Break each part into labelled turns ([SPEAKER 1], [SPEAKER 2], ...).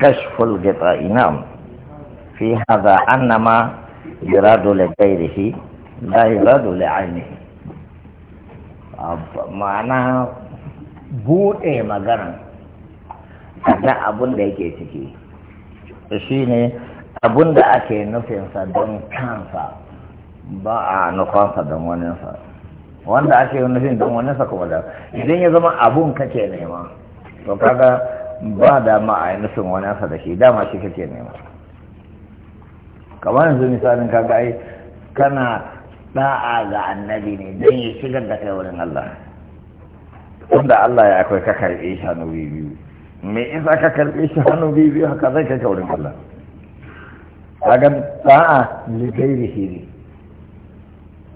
[SPEAKER 1] كشف الغطاء نعم في هذا أنما يراد لغيره لا يراد لعينه ma'ana buɗe magana na abun da yake ciki shi ne abun da ake nufinsa don kansa ba a nufansa don waninsa wanda ake yi nufin don wani sako wadda idan ya zama abun kake nema to kaga ba dama a yi nufin wani asa da shi dama shi kake nema kamar yanzu misalin kaga ai kana da'a ga annabi ne don ya shigar da kai wurin Allah wanda Allah ya akwai ka karɓe shi hannu biyu me isa ka karɓe shi hannu biyu haka zai kai ka wurin Allah kaga da'a li gairi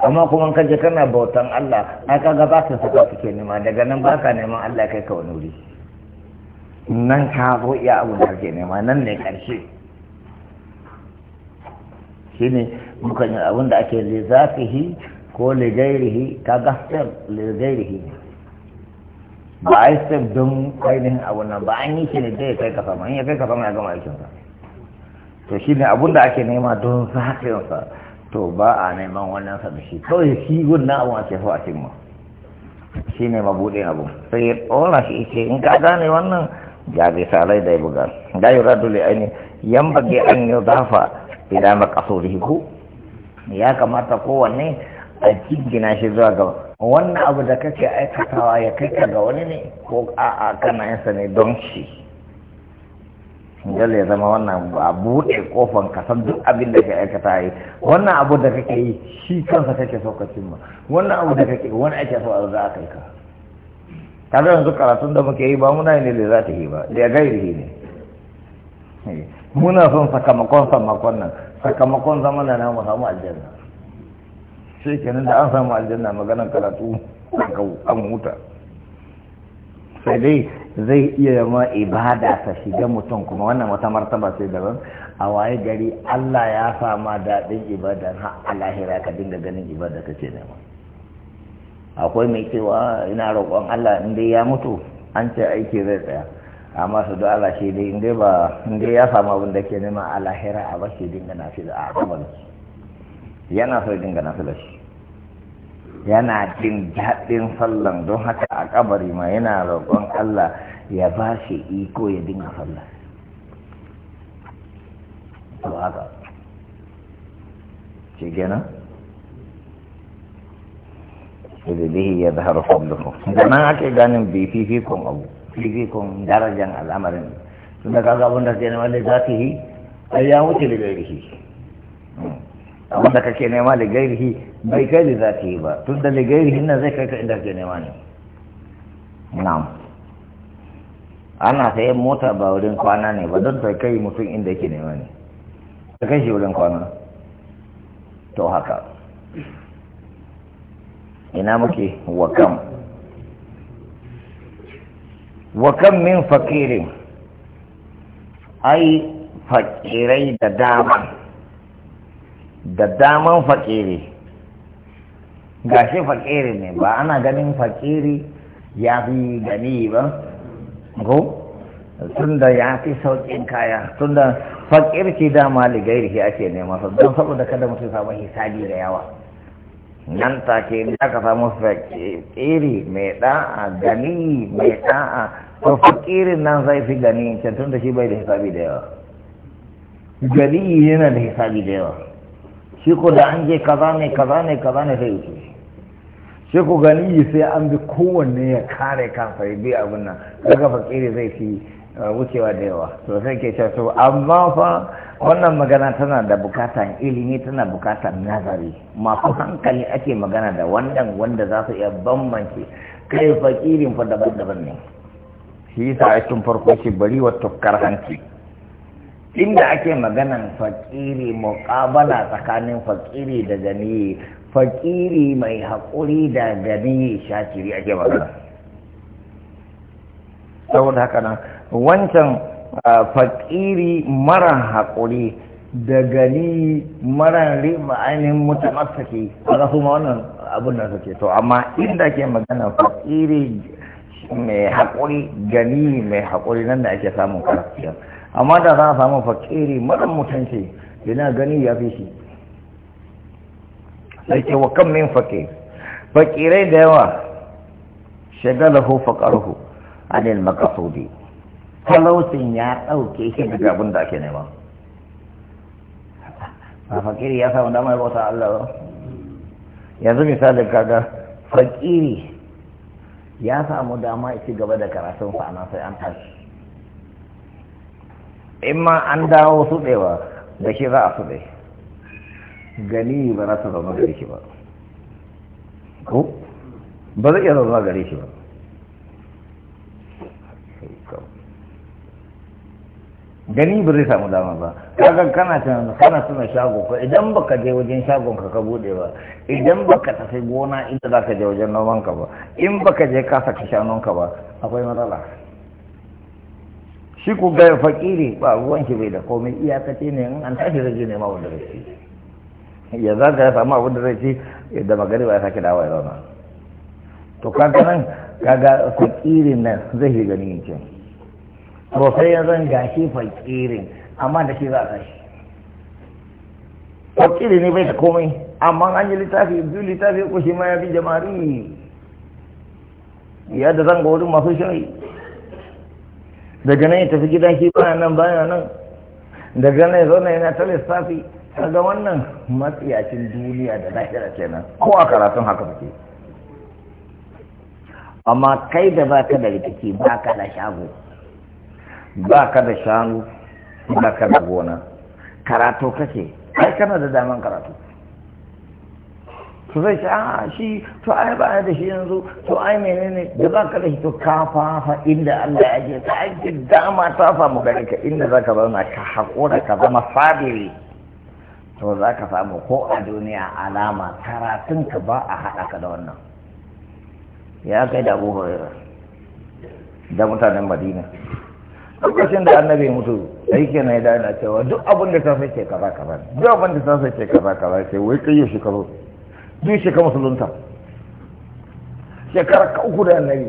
[SPEAKER 1] amma kuma ka je kana bautan Allah a kaga ba ka saka suke nema daga nan ba ka neman Allah kai ka wani wuri nan ka zo iya abu da ke nema nan ne karshe ne mukan abin da ake li zafihi ko li gairihi kaga sir li gairihi ne ba a yi don ainihin abu nan ba an yi shi ne dai kai ka sama in ya kai ka sama ya gama aikinsa to shi ne abin da ake nema don zafinsa to ba a neman wannan sa shi kawai shi gunna abu a cefa a cimma shi ne mabuɗin abu sai ya ɗora shi ce in ka gane wannan ga sarai da ya buga da yi radu da aini yan bage an yi zafa idan ba makasori ko ya kamata kowanne a jingina shi zuwa ga wannan abu da kake aikatawa ya kai ka ga wani ne ko a'a kana yansa ne don shi dole ya zama wannan ba buɗe kofan ka san duk abin da ka aikata yi wannan abu da kake yi shi kansa kake so ka cimma wannan abu da kake wani ake so a za a kai ka kaga yanzu karatun da muke yi ba muna yi ne da za ta yi ba da gairi ne eh, muna son sakamakon sakamakon nan sakamakon zaman da na mu samu aljanna sai kenan da an samu aljanna maganar karatu an huta sai dai zai iya ma ibada ta shiga mutum kuma wannan wata martaba sai daban a waye gari Allah ya sama daɗin ibada ha alahira ka dinga ganin ibada kake nema akwai mai cewa ina roƙon Allah in dai ya mutu an ce aiki zai tsaya amma su da Allah shi dai in dai ba in ya samu abin da ke nema a lahira a bashi dinga nafila a kamar yana so dinga da shi yana jin daɗin sallan don haka a kabari ma yana roƙon Allah ya ba shi iko ya dinga sallah to haka shi kenan idihi ya zahar fadluhu nan ake ganin bi fifikun abu fifikun darajan al'amarin tun da kaga abin da ke nema da zatihi yi ya wuce da gairihi abin da kake nema hmm. da gairihi bai kai da za yi ba tun da ligairi hinna zai kai ka inda ke nema ne na'am ana sayan mota ba wurin kwana ne ba don ta kai mutum inda ke nema ne ta kai shi wurin kwana to haka ina muke wakam wakam min fakirin ai fakirai da dama da daman fakiri gashi fakiri ne ba ana ganin fakiri ya fi gani ba ko tun da ya fi sauƙin kaya tun da fakirci dama ligairi ake nema don saboda kada mutum samu hisabi da yawa nan take da aka samu fakiri mai da'a gani mai da'a to fakirin nan zai fi gani can tun da shi bai da hisabi da yawa gani yana da hisabi da yawa shi ko da an je kaza ne kaza ne kaza ne sai yake shi ku gani sai an bi kowanne ya kare kansa ya bi abin nan kaga fakiri zai fi uh, wucewa da yawa to sai ke cewa to amma fa wannan magana tana da bukatan ilimi tana bukatan nazari masu hankali ake magana da wannan wanda za su iya bambance kai fakirin fa daban-daban ne shi yasa a cikin farko shi bari wa tukkar hanci inda ake maganan fakiri muƙabala tsakanin fakiri da gani fakiri mai haƙuri da gani shakiri ake magana saboda haka nan wancan fakiri mara haƙuri da gani mara rima ainihin saki, a ma wannan abin da suke to amma inda ke magana fakiri mai haƙuri gani mai haƙuri nan da ake samun karfiyar amma da za a samu fakiri mara mutunci yana gani ya fi shi sai wa kan min fakir fakirai da yawa shagalahu faqaruhu anil maqsudi talautin ya dauke shi daga abin da ake nema a fakiri ya samu damar bauta Allah yanzu misalin kaga fakiri ya samu dama ya ci gaba da karatun sa'ana sai an tashi in ma an dawo su da shi za a su gani ba za ta zama gare shi ba ko ba zai iya zama gare shi ba gani ba zai samu dama ba kaga kana can kana suna shago ko idan baka je wajen shagon ka ka bude ba idan baka tafi gona inda ka je wajen noman ka ba in baka je ka saka shanon ka ba akwai matsala shi ku ga fakiri ba ruwan shi bai da komai iyakace ne in an tashi rage ne ma wanda shi. ya ka ya samu abin da zai ci da magani ba ya sake dawa ya zauna to kaga nan kaga fakirin nan zai yi gani yake to sai ya zan gashi fakirin amma da shi za a tashi fakiri ne bai da komai amma an yi littafi biyu littafi ko shi ma ya bi jama'ari ya da zan ga wurin masu shayi daga nan ya tafi gidan shi baya nan baya nan daga nan ya zauna yana ta lissafi kaga wannan matsiyacin duniya da lahira kenan ko a karatun haka suke amma kai da ba ka da rikici ba ka da shago ba ka da shanu ba ka da gona karatu kake ai kana da daman karatu to zai ce a ah, shi to ai ba da shi yanzu to ai menene da ba ka da shi to ka fafa inda Allah ya ajiye ka ai dama ta famu gare ka inda zaka zauna ka haƙura ka zama sabiri to za ka samu ko a duniya alama karatunka ba a haɗa ka da wannan ya kai da abu da mutanen madina lokacin da annabi mutu sai ke na yana cewa duk abin da ta sace ka ba duk abin da ta sace ka ba sai wai kai shi kazo duk shi ka musulunta shekara ka uku da annabi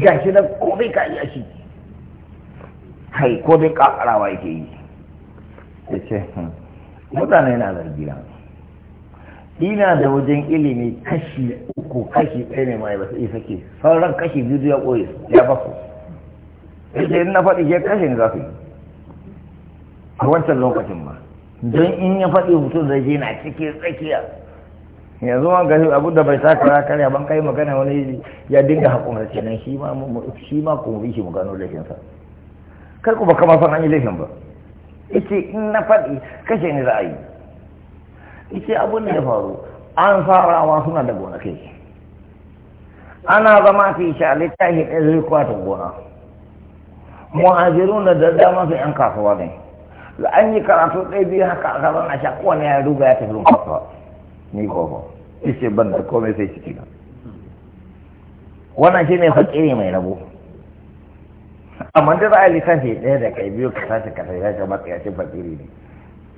[SPEAKER 1] ga shi na komai ka iya shi kai ko dai karawa yake yi ya ce hmm. mutane na zargina ina da wajen ilimi kashi uku kashi ɗaya ne mai ba isa ke sauran kashi biyu ya ɓoye ya ba ku ita na faɗi ke ne za su yi a wancan lokacin ma don in ya faɗi mutum da je na cikin tsakiya yanzu an gashi abu da bai sa kara karya ban kai magana wani ya dinga hakun kenan shi ma shi ma kuma shi mu gano laifinsa kar ku ba kama san an yi laifin ba yace in na faɗi kashe ni za a yi yace abin da ya faru an farawa suna da gonakai ana zama fi sha littafi ɗaya zai kwatin gona muhajiru na da dama su yan kasuwa ne da an yi karatu ɗaya biyu haka a kasar na sha kowane ya duba ya tafi kasuwa ni kofa ishe ban da komai sai ciki na wannan shi ne fakiri mai rabo amma da za a lissafi ɗaya da kai biyu ka sace ka sai ka matsaya ya ce fakiri ne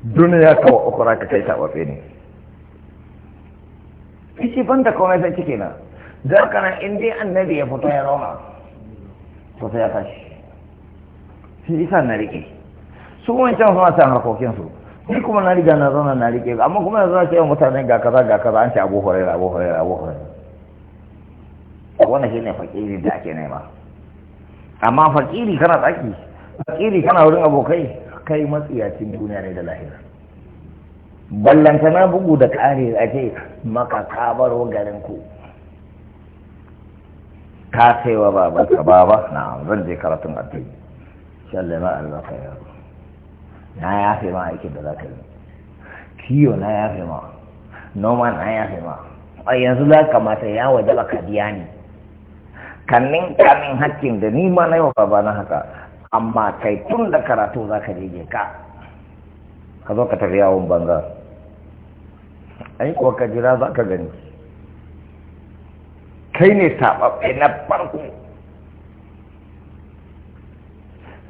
[SPEAKER 1] duniya ka wa uku ka kai taɓaɓe ne kici ban da komai sai cike na da ka nan in dai annabi ya fito ya roma. to sai ya tashi shi isa na rike su can suna san harkokinsu ni kuma na riga na zauna na rike amma kuma yanzu na ce wa mutane ga kaza ga kaza an ce abu hore, abu hore, abu hore wannan ne fakiri da ake nema amma fakiri kana tsaki fakiri kana wurin abokai kai matsiyacin duniya ne da lahira ballanta na bugu da kare a ce maka kabaro garin ku ka saiwa ba ka baba na zan je karatun addini shalle ma Allah ka yaro na yafe ma aikin da za ka yi kiyo na yafe ma noma na yafe ma a yanzu za ka mata ya wajaba ka biya ni kannin kamin hakkin da ni ma na yau ba na haka amma kai tun da karatu za ka je ka ka zo ka tafi yawon banza ai kuwa ka jira za ka gani kai ne sababbe na farko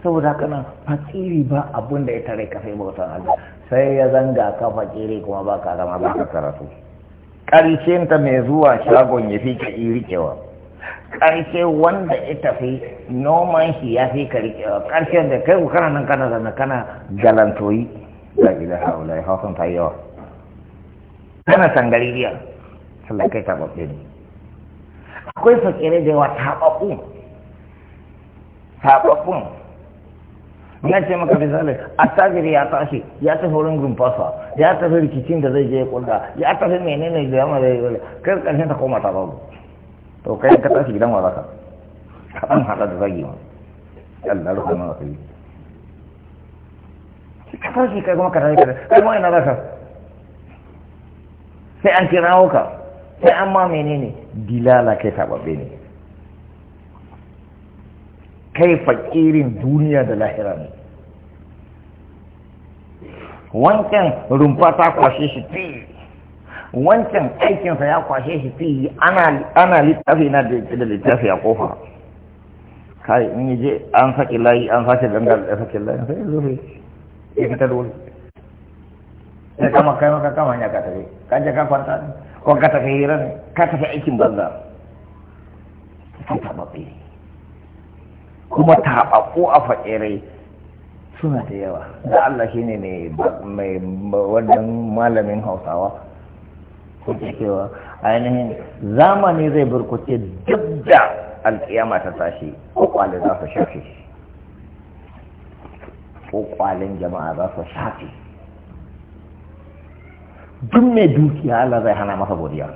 [SPEAKER 1] saboda haka nan fatsiri ba abun da ya tare ka sai bautan Allah sai ya zanga ka fakiri kuma ba ka zama ba ka karatu ƙarshen mai zuwa shagon ya fi ka iri kewa ƙarshe wanda ya tafi noman shi ya fi karkewa ƙarshen da kai ku kana nan kana zana kana galantoyi la ilaha illa ya hausan ta yawa kana sangari biya sallah kai bafe ne akwai fakirai da yawa taɓaɓɓu taɓaɓɓun na ce maka misali attajiri ya tashi ya tafi wurin gumfasa ya tafi rikicin da zai je ya kulla ya tafi menene da yamma zai yi kai ƙarshen ta koma taɓaɓɓu to kai ka tashi gidan waraka ka an haɗa da zagi ma Allah rufe mana kai ka tashi kai kuma ka tashi kai kai ma ina zaka sai an kira ka sai an ma menene dilala kai sababbe ne kai fakirin duniya da lahira ne wancan rumfa ta kwashe shi wancan aikinsa ya kwashe shi fi ana littafi na da littafi a kofa kai in je an saki layi an sake dangar da saki layi sai zuwa ya fita da ya kama kai maka kama ya ka tafi ka je ka kwanta ne ko ka tafi hira ne ka tafi aikin banza sun taɓa ɓiri kuma taɓaɓɓu a faɗerai suna da yawa da Allah shi ne mai wannan malamin hausawa kuke cewa ainihin zamani zai burkuce duk da alkiyama ta tashi kwakwale za su shafe kwakwalen jama'a za su shafe duk mai dukiya Allah zai hana masa godiya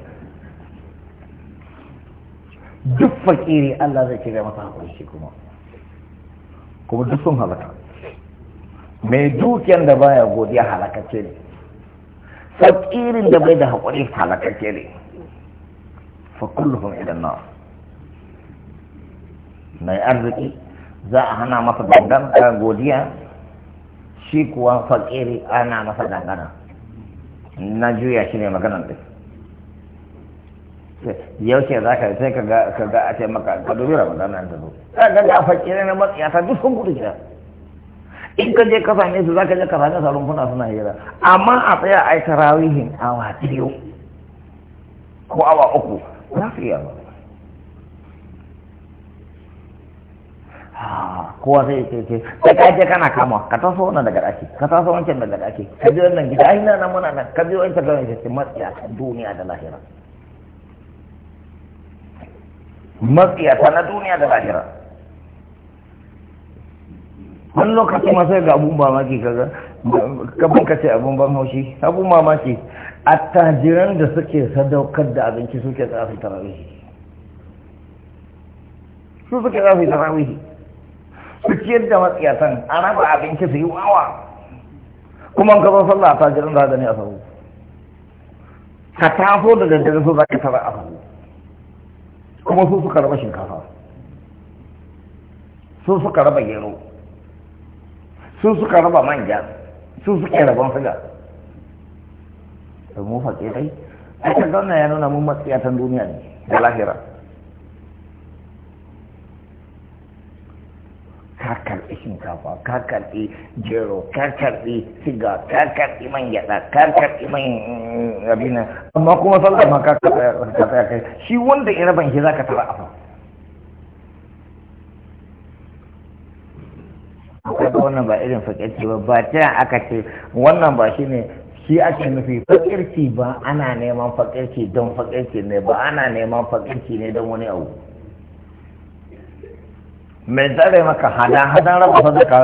[SPEAKER 1] duk fakiri Allah zai cire masa haƙuri kuma kuma duk sun halaka mai dukiyar da baya godiya halakacce ne fakirin da bai da haƙuri halakake ne fa kulluhum idan na mai arziki za a hana masa dangana godiya shi kuwa fakiri ana masa dangana na juya shi ne maganar yau ce za ka sai ka ga a ce maka ka dubi ramadan nan ta zo ka ga fakirin na matsiyata duk sun gudu gida in ka je ka same su za ka je ka same su rumfuna suna hira amma a tsaya a yi tarawihin awa biyu ko awa uku za su iya ah, kowa sai ce ce sai ka je kana kama ka taso wannan daga daki ka taso wancan daga daki ka biyo wannan gida ai nan muna nan ka biyo wancan daga daki matsiya ta duniya da lahira matsiya ta na duniya da lahira wani lokacin ma ga abun mamaki kaga kafin ka ce abun ban haushi abun mamaki tajiran da suke sadaukar da abinci suke za su tarawihi su suke za su yi tarawihi su ciyar da matsiyatan a raba abinci su yi wawa kuma ka zo sallah attajiran za ka ne a sahu ka taso da daddare su za ka tara a sahu kuma su suka raba shinkafa su suka raba gero su suka raba manja su suke rabon suga da mu fakirai aka zauna ya nuna mun matsiyatan duniya ne da lahira ka karɓi shinkafa ka karɓi jero ka karɓi siga ka karɓi man gyaɗa ka karɓi man abin amma kuma sallar ma ka karɓi kai shi wanda irin ban shi za ka tara fa wannan ba irin fakirci ba ba ta aka ce wannan ba shi ne shi ake nufi fakirci ba ana neman fakirci don fakirci ne ba ana neman fakirci ne don wani abu mai zare maka hada hadan raba sadaka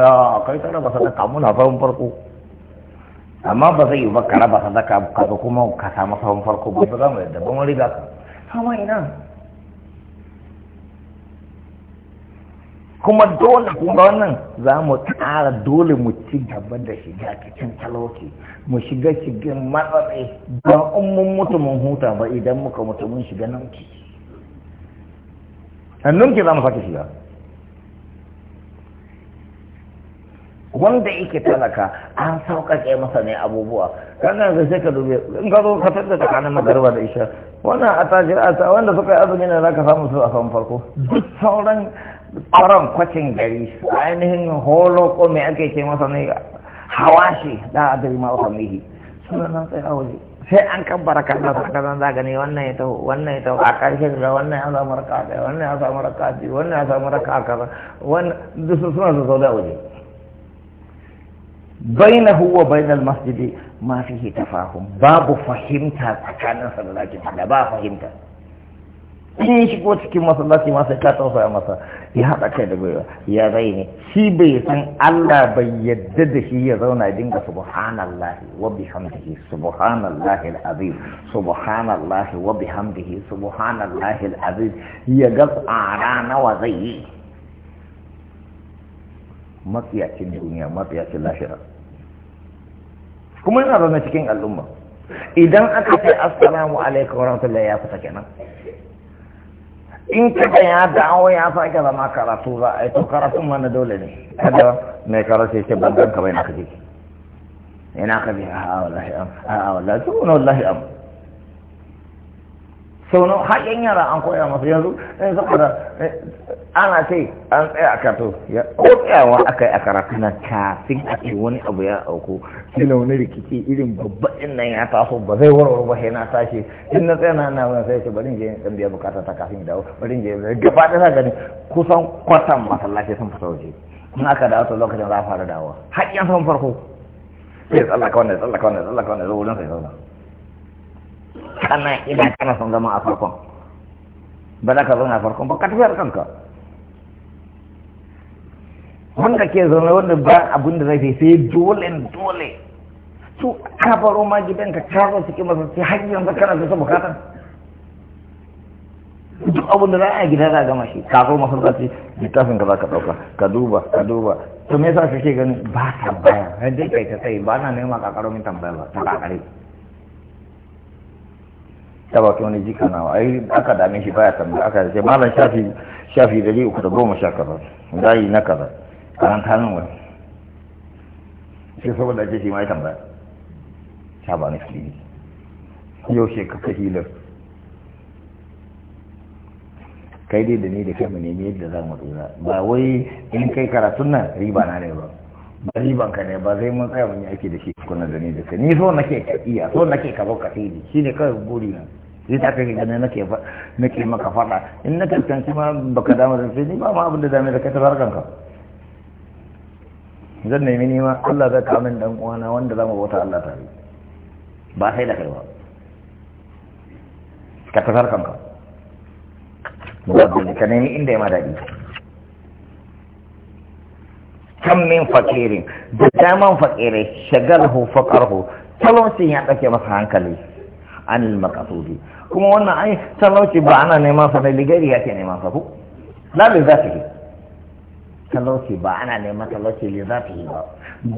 [SPEAKER 1] kai ta raba sadaka muna farin farko amma ba zai yi ba ka raba sadaka ka kuma ka samu farin farko ba za mu yadda ba mu riga ka ina kuma dole kuma wannan za mu ƙara dole mu ci gaba da shiga cikin talauci mu shiga cikin matsatsi ba in mun mutu mun huta ba idan muka mutu mun shiga ki hannun ki za mu sake shiga wanda yake talaka an sauƙaƙe masa ne abubuwa kaga ga sai ka dube in ka zo ka tada tsakanin magarba da isha wannan a tajir a wanda suka yi azumi ne za ka samu su a farko duk sauran kwaron kwacin gari ainihin holo ko mai ake ce masa ne hawa shi da a adari ma famihi suna nan tsaye a waje sai an kabbara kallon sa kazan za gani wannan ya taho wannan ya taho a ƙarshe da wannan ya samu raka ɗaya wannan ya samu raka biyu wannan ya samu raka kaza wannan duk suna su zaune da waje bainahu wa bainal masjidi ma fihi tafahum babu fahimta tsakanin sa da lakin da ba fahimta in shigo cikin masallaci ma ka tausaya masa ya haɗa kai da gwiwa ya zai ne shi bai san Allah bai yadda da shi ya zauna dinga subhanallahi wa bihamdihi subhanallahi al-azim subhanallahi wa bihamdihi subhanallahi al-azim ya ga tsara nawa zai yi matsiyacin duniya matsiyacin lahira kuma yana zaune cikin al'umma idan aka ce assalamu alaikum warahmatullahi ya fita kenan in kada ya dawo ya sake zama karatu za a yi to karatun mana dole ne kada mai karatu ya ce ban ganka bai na kaje ina kaje a wallahi am a wallahi to wallahi am sau na haƙin yara an koya masu yanzu in eh, saboda eh, ana ce an tsaye a kato ya tsayawa aka yi a karatu na kafin a ce wani abu ya auku kila wani rikici irin babba in nan ya taso ba zai warware ba sai na tashi in na tsaya na ana wani sai ce bari je in biya bukata ta kafin dawo bari in je gaba ɗaya gani kusan kwatan masallaci sun fita waje in aka dawo to lokacin za a fara dawowa haƙƙin sun farko sai tsallaka wannan tsallaka wannan tsallaka wannan zo wurin sai zauna kana ina kana son zama a farkon ba za ka zauna a farkon ba ka tafiyar kanka wanda ke zaune wanda ba abin da zai sai dole dole su kafaro ma gidanka ka su cikin masa sai hanyar da kana da bukata duk abin da za a gida za a gama shi ka masu zafi littafin ka za ka ɗauka ka duba ka duba to me yasa kake ganin ba ta baya har kai ta sai ba na nema kakaromin tambaya ba ta kakare ta ba ta wani jika nawa ai aka dame shi baya tambaya aka ce malam shafi shafi dari uku da goma sha kaza zai na kaza karan kanin wani sai saboda ake shi mai tambaya ta ba na fili yau shi ka fi hilar kai dai da ni da kai ne yadda za mu tsira ba wai in kai karatun nan riba na ne ba ba riban ka ne ba zai mun tsaya mun yi aiki da shi kuna da ni da kai ni so nake ka iya so nake ka zo ka fi shi ne kawai buri na sai ta kai ganin nake nake maka fada in na kankanci ma baka dama da sai ni ba ma abinda da dame da kai tabar kanka zan nemi ni ma Allah zai ka min dan uwana wanda zamu bauta Allah ta yi ba sai da kai ba ka tabar kanka ka nemi inda ya ma daɗi kan min fakirin da daman fakirai shagalhu faƙarhu talon sun ya ɗauke masa hankali عن المقصود كما وانا اي تلوشي بانا نما سنة لغير ياتي نما سفو لا لذاته تلوشي بانا نما تلوشي لذاته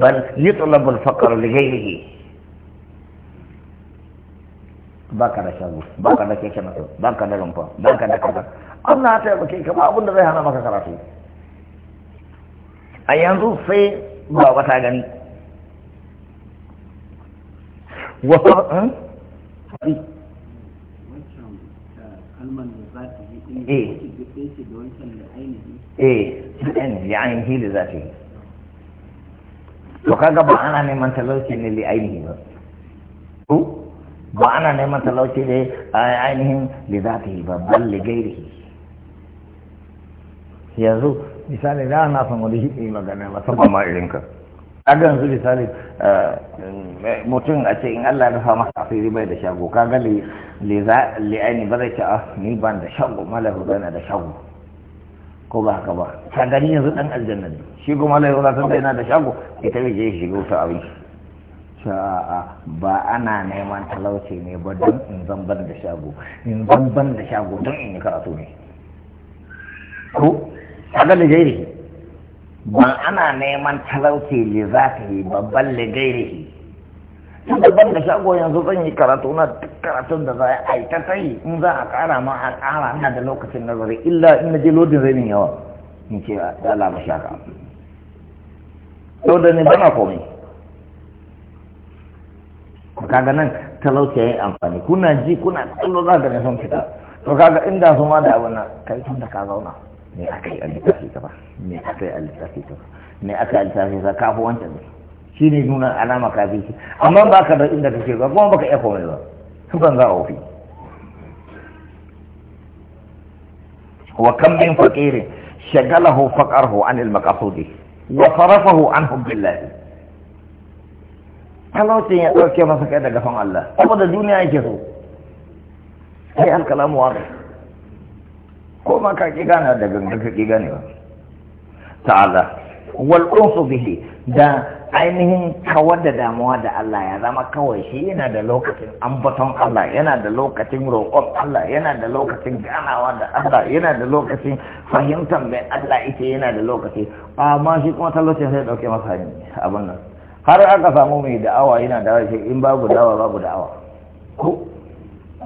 [SPEAKER 1] بل يطلب الفقر لغيره baka da shago baka da keke nasu baka da rumfa baka da kaza Allah ya taimake ka ba abin da zai hana maka karatu a yanzu sai ba wata gani wasu eh eh ya eh, ainihi da za ta yi to kaga ba ana neman talauci ne li ainihi ba ko ba ana neman talauci ne a ainihin li za ta yi ba bal li gairihi yanzu misali da ana son wani hidi magana ba sama ma irinka kaga yanzu misali eh, mutum a ce in Allah ya rufa masa asiri bai da shago kaga li li'aini ba zai ce a ah, ni ban da shago ba yana da shago ko ba haka ba ta gani yanzu dan aljanna ne shi ko malahu ba san da yana da shago ita bai je shiga ta abin sha'a ba ana neman talauci ne ba don in ban da shago in ban da shago don in yi karatu ne ko kaga da jairi ba ana neman talauci ta yi babban ligairi gairihi tunda ban da shago yanzu zan yi karatu na duk karatun da za a yi ta tsayi in za a kara ma a kara ina da lokacin nazari illa in na je lodin zai min yawa in ce ah, da Allah shaka shaka da ne bana komai ku kaga nan talauci ya yi amfani kuna ji kuna kallo za ga ne sun fita to kaga inda su ma da abu na kai tun da ka zauna me aka yi a littafi kaza me aka yi a littafi kaza me aka yi a littafi kaza kafu wancan ne shi ne nuna alama kafi shi amma ba ka da inda kake ba kuma baka iya komai ba su kan za a ofi wa kam min faqirin shagalahu faqarhu an al maqasudi wa sarafahu an hubbillah talaucin ya dauke masa kai daga son Allah saboda duniya yake so sai al kalamu waqi ko ma ka ki gana da gangan ka ki gane ba ta'ala wal unsu bihi da ainihin kawar da damuwa da Allah ya zama kawai shi yana da lokacin ambaton Allah yana da lokacin roƙon Allah yana da lokacin ganawa da Allah yana da lokacin fahimtar mai Allah ita yana da lokaci amma shi kuma talocin sai dauke masa abin nan har aka samu mai da'awa yana da shi in babu dawa babu da'awa ko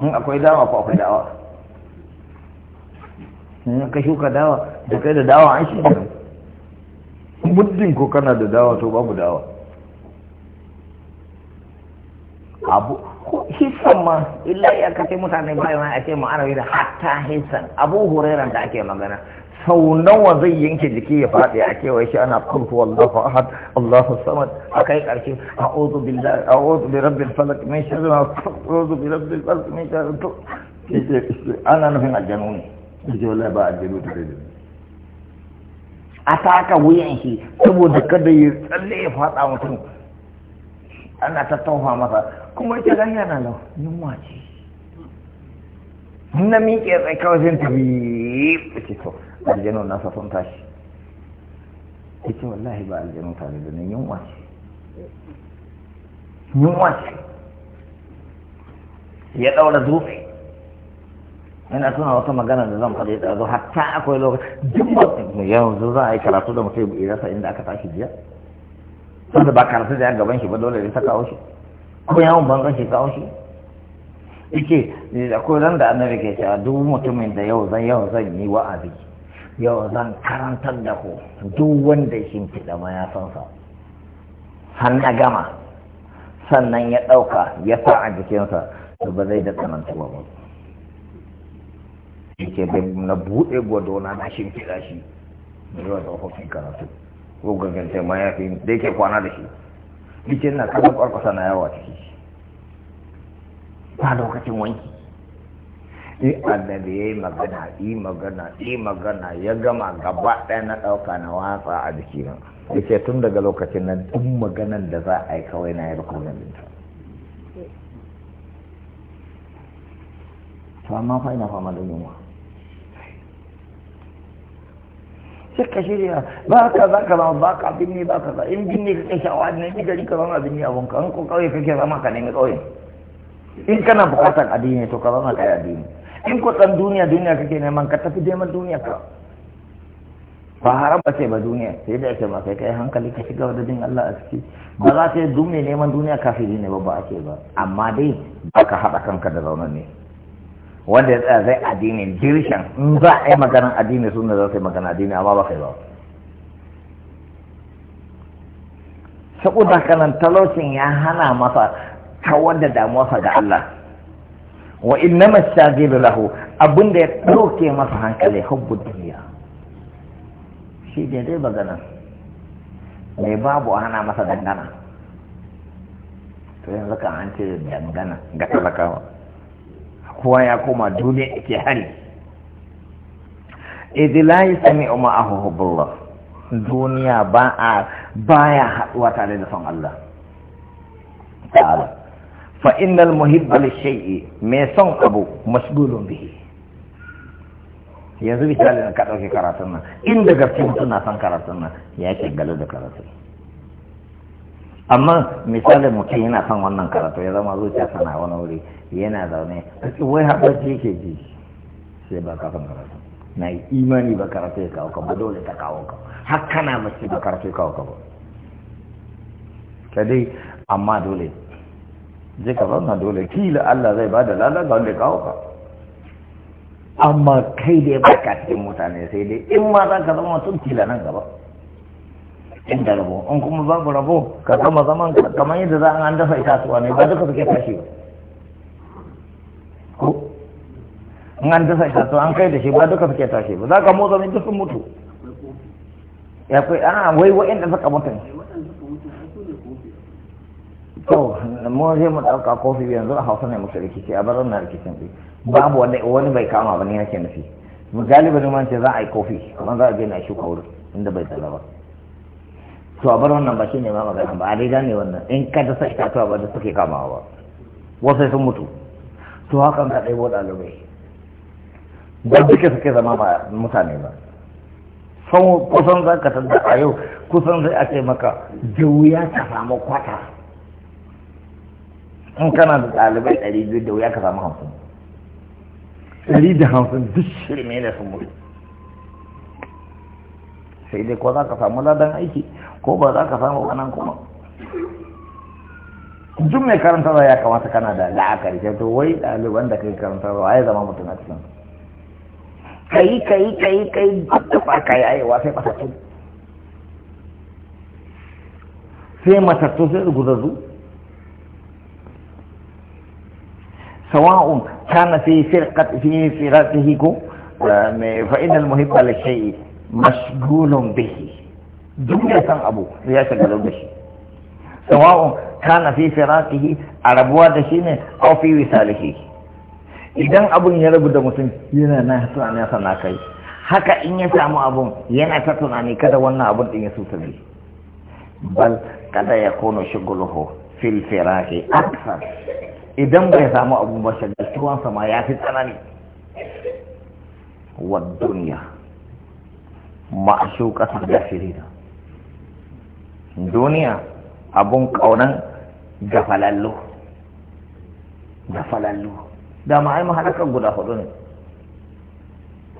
[SPEAKER 1] in akwai dawa ko akwai da'awa in ka shuka dawa da kai da dawa an shekara muddin ko kana da dawa to babu dawa abu hissan ma illa ya kace mutane bai ma a mu arabi da hatta hissan abu hurairan da ake magana sau nawa zai yanke jiki ya faɗi a kewaye shi ana kulhu wallahu ahad allahu samad akai karshe a'udhu billahi ozu bi rabbil falak min sharri a ozu bi rabbil falak min sharri ana nufin aljanu ne ce wallahi ba aljanu tare da ni a taka wuyan shi saboda kada ya tsalle ya faɗa mutum ana ta taufa masa kuma ita gan yana lau yunwa ce na miƙe tsaye kawai sai tafi ce to aljanu nasa sun tashi ya ce wallahi ba aljanu tare da ni yunwa ce yunwa ce ya ɗaura dutse ina tuna wata magana da zan faɗi zo hatta akwai lokacin duk mutum yanzu za a yi karatu da mutum ya rasa inda aka tashi jiya wanda ba karatu da ya gaban shi ba dole ne ta kawo shi ko yawon bangan shi kawo shi yake akwai ran da annabi ke cewa duk mutumin da yau zan yau zan yi wa'azi yau zan karantar da ku duk wanda shi ke da ya san sa har na gama sannan ya ɗauka ya sa a jikinsa to ba zai da tsanantuwa ba yake da na buɗe gwado na na shimfiɗa shi da yawa karatu ko gaggantar ma ya fi da yake kwana da shi bikin na kallon kwarkwasa na yawa ciki ba lokacin wanki in annabi ya yi magana yi magana yi magana ya gama gaba ɗaya na ɗauka na watsa a jiki ya ce tun daga lokacin nan duk maganan da za a yi kawai na yi rukunan binta to amma fa ina fama da yunwa sai ka shirya ba ka za ka zama ba ka binne ba ka za in binne ka kashe awa ne ni gari ka zama binne abun ka in ko kauye kake zama ka nemi kauye in kana bukatar addini to ka zama kai addini in ko san duniya duniya kake neman ka tafi neman duniya ka ba haram ba ce ba duniya sai da ake ma kai kai hankali ka shiga wadadin Allah a ciki ba za ka yi duniya neman duniya kafiri ne ba ba ake ba amma dai ba ka haɗa kanka da zaunar ne wanda ya tsaya zai addini dirshan in za a yi maganar addini suna za su yi magana addini amma ba kai ba saboda kanan talaucin ya hana masa kawar da damuwarsa ga Allah wa innama shagilu lahu abinda ya ɗauke masa hankali hubbu duniya shi ne dai maganar mai babu hana masa dangana to yanzu kan an ce dangana ga talakawa kowa ya koma duniya ake hari idilayi sami umar ahuhubullah duniya ba a baya haɗuwa tare da son Allah ta'ala fa innal muhibba shay'i mai son abu masdulun bihi yanzu misali na ka dauke karatun nan inda gaske mutum na son karatun nan ya ke galo da karatun amma misalin mutum yana son wannan karatu ya zama zuciya sana wani wuri yana zaune wai haɓarci ke ji sai ba kafin karatu na yi imani ba karatu ya kawo ka ba dole ta kawo ka har kana mace ba karatu ya kawo ka ba ka dai amma dole je ka zauna dole kila Allah zai bada lalata ga wanda ya kawo ka amma kai dai ba ka cikin mutane sai dai in ma za ka zama mutum kila nan gaba inda rabo in kuma babu rabo ka gama zaman kamar yadda za an dafa itatuwa ne ba duka suke tashi ba ko in an dafa itatuwa an kai da shi ba duka suke tashi ba za ka motsa min duk sun mutu ya kai a wai wa inda suka mutu to mu je mu dauka kofi yanzu a hausa ne muka rikici a barin na rikicin bi babu wani wani bai kama ba ne yake nufi galibin man ce za a yi kofi kuma za a je na shuka wurin inda bai tsala ba to a bar wannan ba shi ne ma magana ba a daida ne wannan in ka dasa itatuwa ba da suke kamawa wasu sun mutu to hakan ka ɗaibo ɗalibai ba duka suke zama ba mutane ba san kusan za ka tanda a yau kusan zai a ce maka da wuya ka samu kwata in kana da ɗalibai ɗari biyu da wuya ka samu hamsin ɗari da hamsin duk shirme ne sun mutu sai dai ko za ka samu ladan aiki ko ba za ka samu wannan kuma jum mai karanta ya kamata kana da la'akari ce to wai ɗaliban da kai ba ai zama mutum a cikin kai kai kai kai duk ba kai aiwa sai matattu sai matattu sai gudazu sawa'un kana fi firqat fi firatihi ko fa inal muhibba li shay'i mashghulun bihi duk da san abu ya shagalo da shi sawa'un kana fi firaqihi a rabuwa da shi ne aw fi wisalihi idan abun ya rabu da mutum yana na tunani sana kai haka in ya samu abun yana ta tunani kada wannan abun din ya bi. bal kada ya kono shuguluhu fil firaqi aksar. idan bai samu abun ba shagaltuwan sama ya fi tsanani wa duniya ma'ashu kasar gafirina duniya abun kaunan gafalallu gafalallu da ma'ai mahalakan guda hudu ne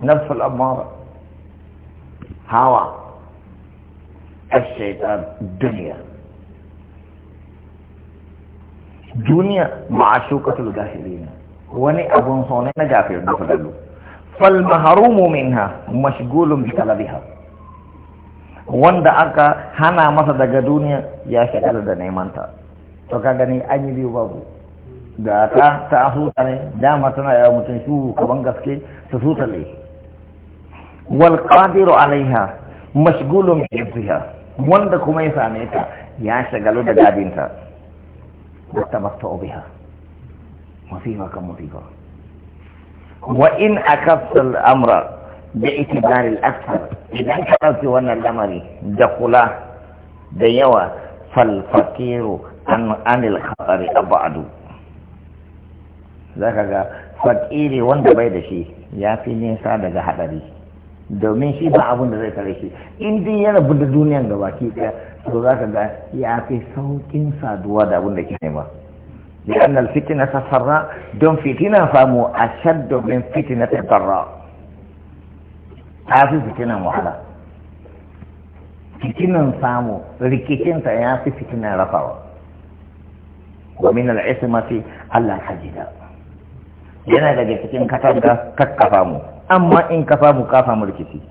[SPEAKER 1] nafsul amara hawa الشيطان duniya duniya ma'ashukatul gafilina wani abun so na gafir da falalu fal maharumu minha mashgulun bi talabiha wanda aka hana masa daga duniya ya shagala da ta. to ka gani an yi biyu babu Da ta ta huta ne dama tana yawa mutum su kaban gaske su huta ne wal qadiru alaiha mashgulun biha wanda kuma ya same ta ya shagalu da gadinta da tamattu biha musiba kan musiba wa in akasta amra da itibaril aksar idan ka ɗauki wannan lamari da kula da yawa falfakiru an anil khatari abadu zaka ga fakiri wanda bai da shi ya fi nisa daga hadari domin shi ba abunda da zai kare shi in dai ya rabu da duniyan ga baki daya to zaka ga ya fi saukin saduwa da abin da ke nema لأن الفتنة safarra don fitina فمو أشد من فتنة الضراء ta fi fitinan wahala fitinan samu rikicinta ya fi fitinan rafawa domin al'isimati Allah hajjida yana daga cikin katanga kakkafa mu amma in kafa mu kafa mu rikici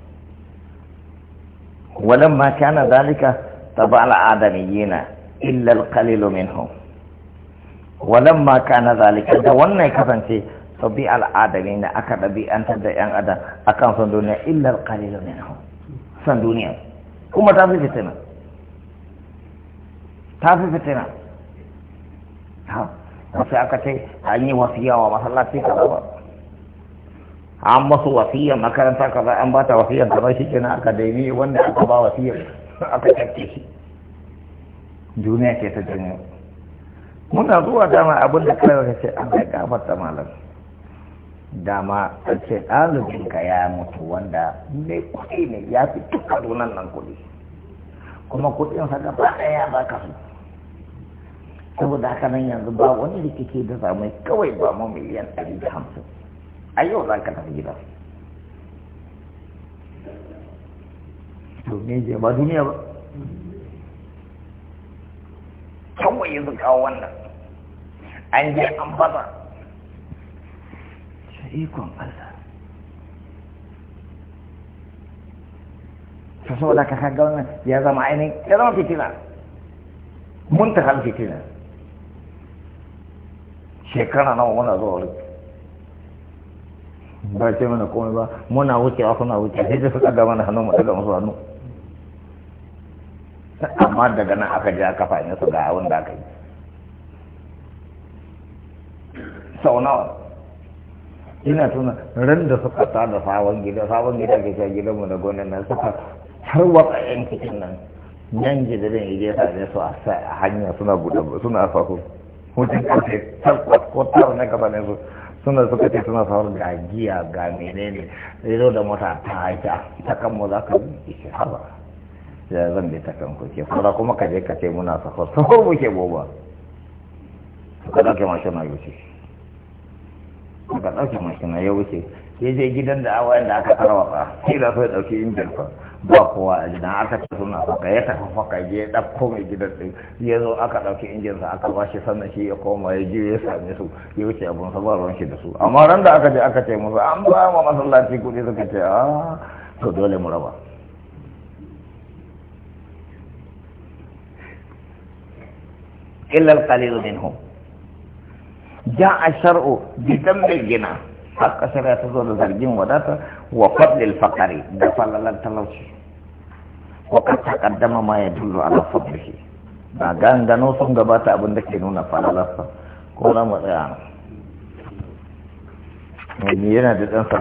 [SPEAKER 1] ولما taba ذلك تبع الآدميين إلا القليل walan ma كان ذلك da wannan kasance tabi al'adami da aka ɗabi'antar da ‘yan adam a kan son duniya illar kalilu ne san duniya kuma ta fi fitina ta fi fitina wasu aka ce an yi wasiya wa masallaci kaza ba an masu wasiya makaranta kaza an bata ta wasiya ta shi kina aka daini wanda aka ba wasiya aka cakke shi duniya ke ta duniya muna zuwa dama abin da kai ka ce an ga gafarta malam dama ce ɗalibinka ya mutu wanda mai kuɗi ne ya fi duka donan nan kuɗi kuma kuɗin sa gaba ɗaya ba ka su saboda haka nan yanzu ba wani rikici da samu kawai ba mu miliyan ɗari da hamsin a yau za ka tafi gida domin je ba duniya ba kawai yanzu kawo wannan an je an fasa ikon Allah ta saboda ka kaga wannan ya zama ainihin ya zama mun ta shekara zuwa ba ce mana komai ba muna suna wuce sai da suka mu daga hannu amma daga nan aka je aka fahimta su ga abin da aka yi sau nawa ina tuna ran da suka ta da sabon gida sabon gida ke gidan mu da gonan nan suka har waka yan cikin nan yan gidan ya je ne so a hanya suna buɗe suna fako hutun kace tabbas ko ta na gaba ne su suna suka ce suna sabon ga giya ga menene zai zo da mota ta haita ta kan mu za ka yi ishe haba ya zan bi ta kan kuke fara kuma ka je ka ce muna sahur sahur muke boba ka dauke mashin na yau Ka ɗauke mashina ya wuce ya je gidan da awa da aka tarwaka sai da so ya ɗauki injin fa ba kowa a gidan aka ce suna faka ya tafi faka je ya ɗauko mai gidan ɗin ya zo aka ɗauki injin sa aka ba shi sannan shi ya koma ya je ya same su ya wuce abun sa ba ruwan shi da su amma ran da aka je aka ce musu an ba ma masallaci kuɗi suka ce a ah, to dole mu raba illal qalilu minhum ja a shar'u bi tambayin gina har kasar ya ta zo da zargin wadata wa fadlil fakari da falalan talauci wa kan ta kaddama ma ya dullu ala fadlihi ba gangano sun gabata abin da ke nuna falalarsa ko na mu tsaya yana da dan